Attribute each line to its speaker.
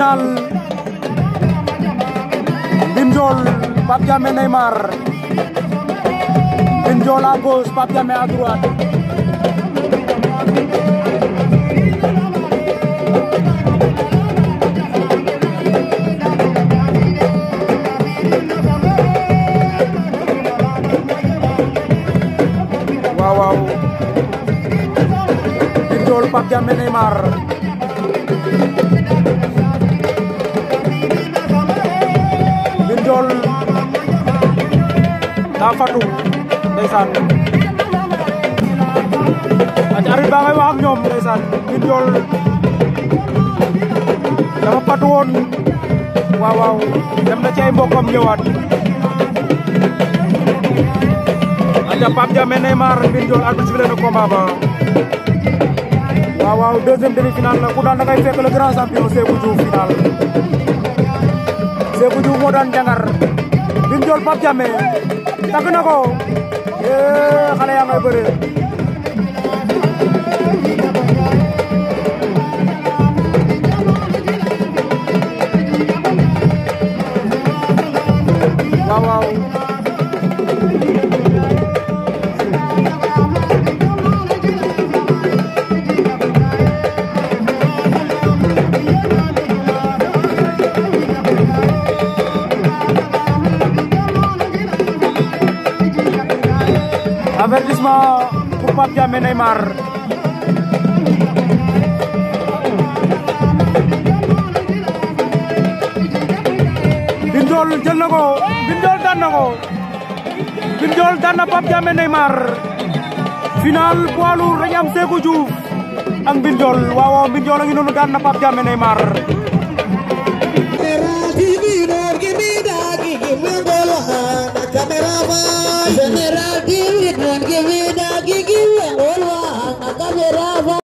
Speaker 1: final Pinjol Pape Diame Neymar Pinjol Agus gauche Pape Diame Wow wow Binjol Pape Neymar lool daa fatu ndeysaan ak arbitre baa ngay wax ak ñoom ndeysaan Mbine Ndiol dafa fatu woon waaw waaw dem na ci ay mbokkam ñëwaat aja Pape Diame Neymar Mbine Ndiol arbitre sifflé na combat ba waaw waaw deuxième demi-finale la ku daan ngay fekk le grand champion Seydou Diouf final moo doon jangar Mbine Ndiol Pape Diame tàgg na ko xale yaa ngay bëre avertissement pour Pape Diame Neymar Binjool jël na ko Binjool daan na ko Binjool daan na Pape Diame Neymar final poids lourd dañu am Sékou Diouf Binjool waaw Binjool a ngi noonu daan na Pape Diame Neymar